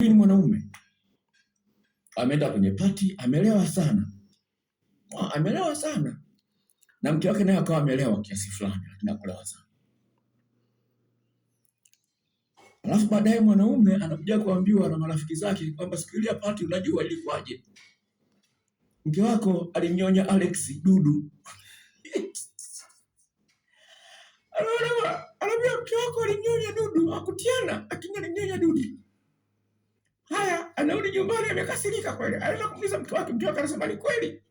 Huyu ni mwanaume ameenda kwenye pati, amelewa sana, Mwa- amelewa sana, na mke wake naye akawa amelewa kiasi fulani, lakini akulewa sana. Alafu baadaye mwanaume anakuja kuambiwa na marafiki zake kwamba siku ile pati, unajua ilikuwaje? Mke wako alimnyonya Alex dudu. Anaona- Anaambia mke wako alinyonya dudu, akutiana, akinyonya dudu anarudi nyumbani amekasirika kweli, anaweza kumuuliza mtu wake, mtu wake anasema ni kweli,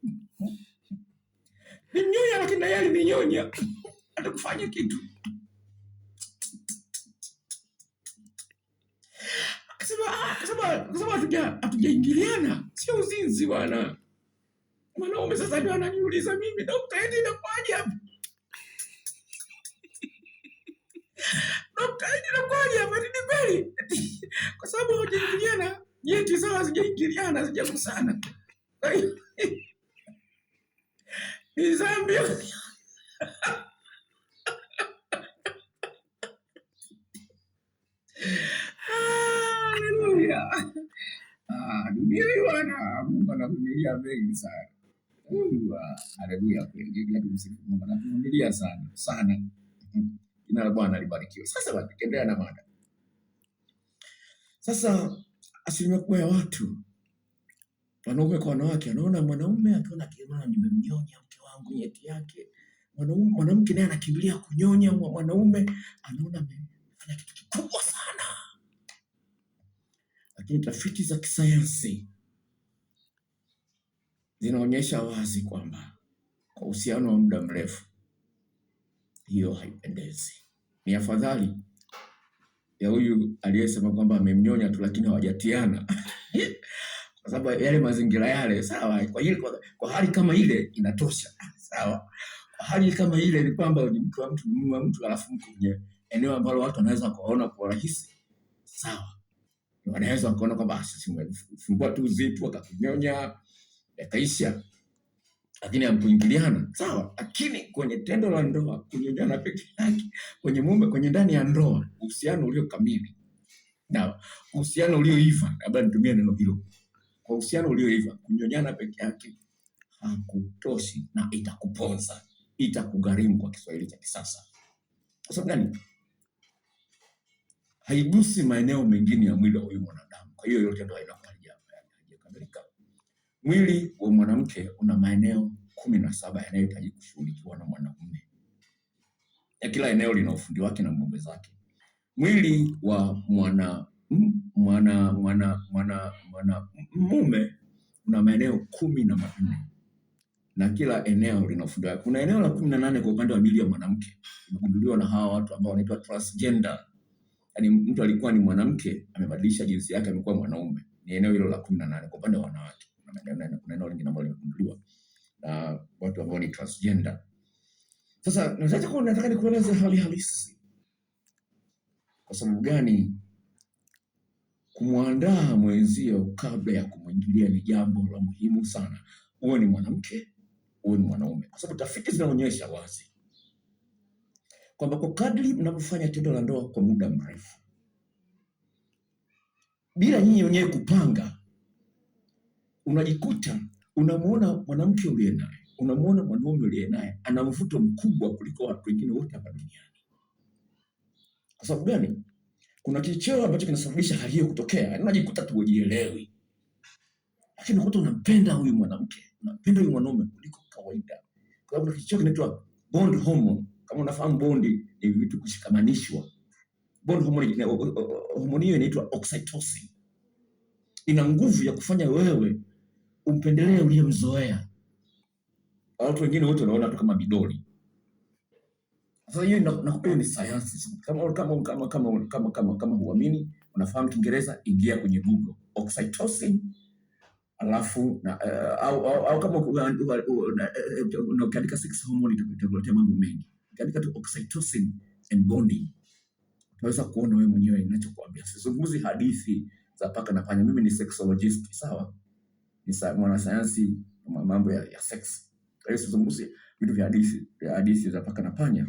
ni nimnyonya, lakini naye alininyonya, atakufanya kitu kasema ah, hatujaingiliana, sio uzinzi bwana. Mwanaume sasa ndio ananiuliza mimi, dokta, eti inakuwaje hapa? Dokta, eti inakuwaje hapa? Ni kweli kwa sababu haujaingiliana nyeti sawa, sijaingiliana sijagusana ni zambi ah, dunia hii bwana, Mungu anavumilia mengi sana. Ah, haleluya, kweli tumsifu Mungu, anavumilia sana sana. Jina la Bwana libarikiwe. Sasa tembea na mada sasa asilimia kubwa ya watu wanaume kwa wanawake anaona mwanaume akiona kiona nimemnyonya mke wangu nyeti yake, mwanamke naye anakimbilia kunyonya, mwanaume anaona amefanya kitu kikubwa sana. Lakini tafiti za kisayansi zinaonyesha wazi kwamba kwa uhusiano wa muda mrefu hiyo haipendezi, ni afadhali ya huyu aliyesema kwamba amemnyonya tu, lakini hawajatiana kwa sababu yale mazingira yale, sawa. Kwa hiyo kwa, kwa hali kama ile inatosha, sawa. Kwa hali kama ile ni kwamba ni mtu wa mtu, mume wa mtu, alafu mko kwenye eneo ambalo watu wanaweza kuona kwa rahisi, sawa. Wanaweza kuona kwamba ah, sisi fungua tu zipu, akakunyonya yakaisha lakini hamkuingiliana sawa, lakini kwenye tendo la ndoa, kwenye jana peke yake, kwenye mume, kwenye ndani ya ndoa, uhusiano ulio kamili na uhusiano ulioiva, labda nitumie neno hilo, kwa uhusiano ulioiva, kunyonyana peke yake hakutoshi na itakuponza, itakugharimu kwa Kiswahili cha kisasa. Kwa sababu gani? Haigusi maeneo mengine ya mwili wa huyu mwanadamu, kwa hiyo yote ndio Mwili wa mwanamke una maeneo kumi na saba yanayohitaji kushughulikiwa na mwanaume, ya kila eneo lina ufundi wake na ngombe zake. Mwili wa mwana mwana mwana mwana mume una maeneo kumi na manne na kila eneo lina ufundi wake. Kuna eneo la kumi na nane kwa upande wa mwili ya mwanamke imegunduliwa na hawa watu ambao wanaitwa transgender, yani mtu alikuwa ni mwanamke amebadilisha jinsi yake amekuwa mwanaume. Ni eneo hilo la kumi na nane kwa upande wa wanawake kuna lingine ambalo limegunduliwa na watu ambao ni transgender. Sasa nataka nataka nikueleze hali halisi, kwa sababu gani kumwandaa mwenzio kabla ya kumwingilia ni jambo la muhimu sana, uwe ni mwanamke uwe ni mwanaume, kwa sababu tafiti zinaonyesha wazi kwamba kwa kadri mnapofanya tendo la ndoa kwa muda mrefu bila nyinyi wenyewe kupanga unajikuta unamwona mwanamke uliye naye, unamwona mwanaume uliye naye ana mvuto mkubwa kuliko watu wengine wote hapa duniani. Kwa sababu gani? Kuna kichocheo ambacho kinasababisha hali hiyo kutokea, unajikuta tu hujielewi, lakini unakuta unampenda huyu mwanamke, unampenda huyu mwanaume kuliko kawaida, kwa sababu kuna kichocheo kinaitwa bond hormone. Kama unafahamu bondi ni vitu kushikamanishwa, bond hormone, homoni hiyo inaitwa oxytocin, ina nguvu ya kufanya wewe umpendelee uliyemzoea. Watu wengine wote wanaona tu kama bidoli. Sasa hiyo nakupa ni sayansi. Kama kama kama kama kama kama kama huamini, unafahamu Kiingereza, ingia kwenye Google. Oxytocin alafu na eh, au au kama unaandika eh, eh, sex hormone itakuletea mambo mengi. Ukiandika tu oxytocin and bonding. Unaweza kuona wewe mwenyewe ninachokuambia. Sizungumzi hadithi za paka na panya. Mimi ni sexologist, sawa? ni mwanasayansi mambo ya, ya sex. Kwa vitu vya vitu vya hadithi za paka na panya.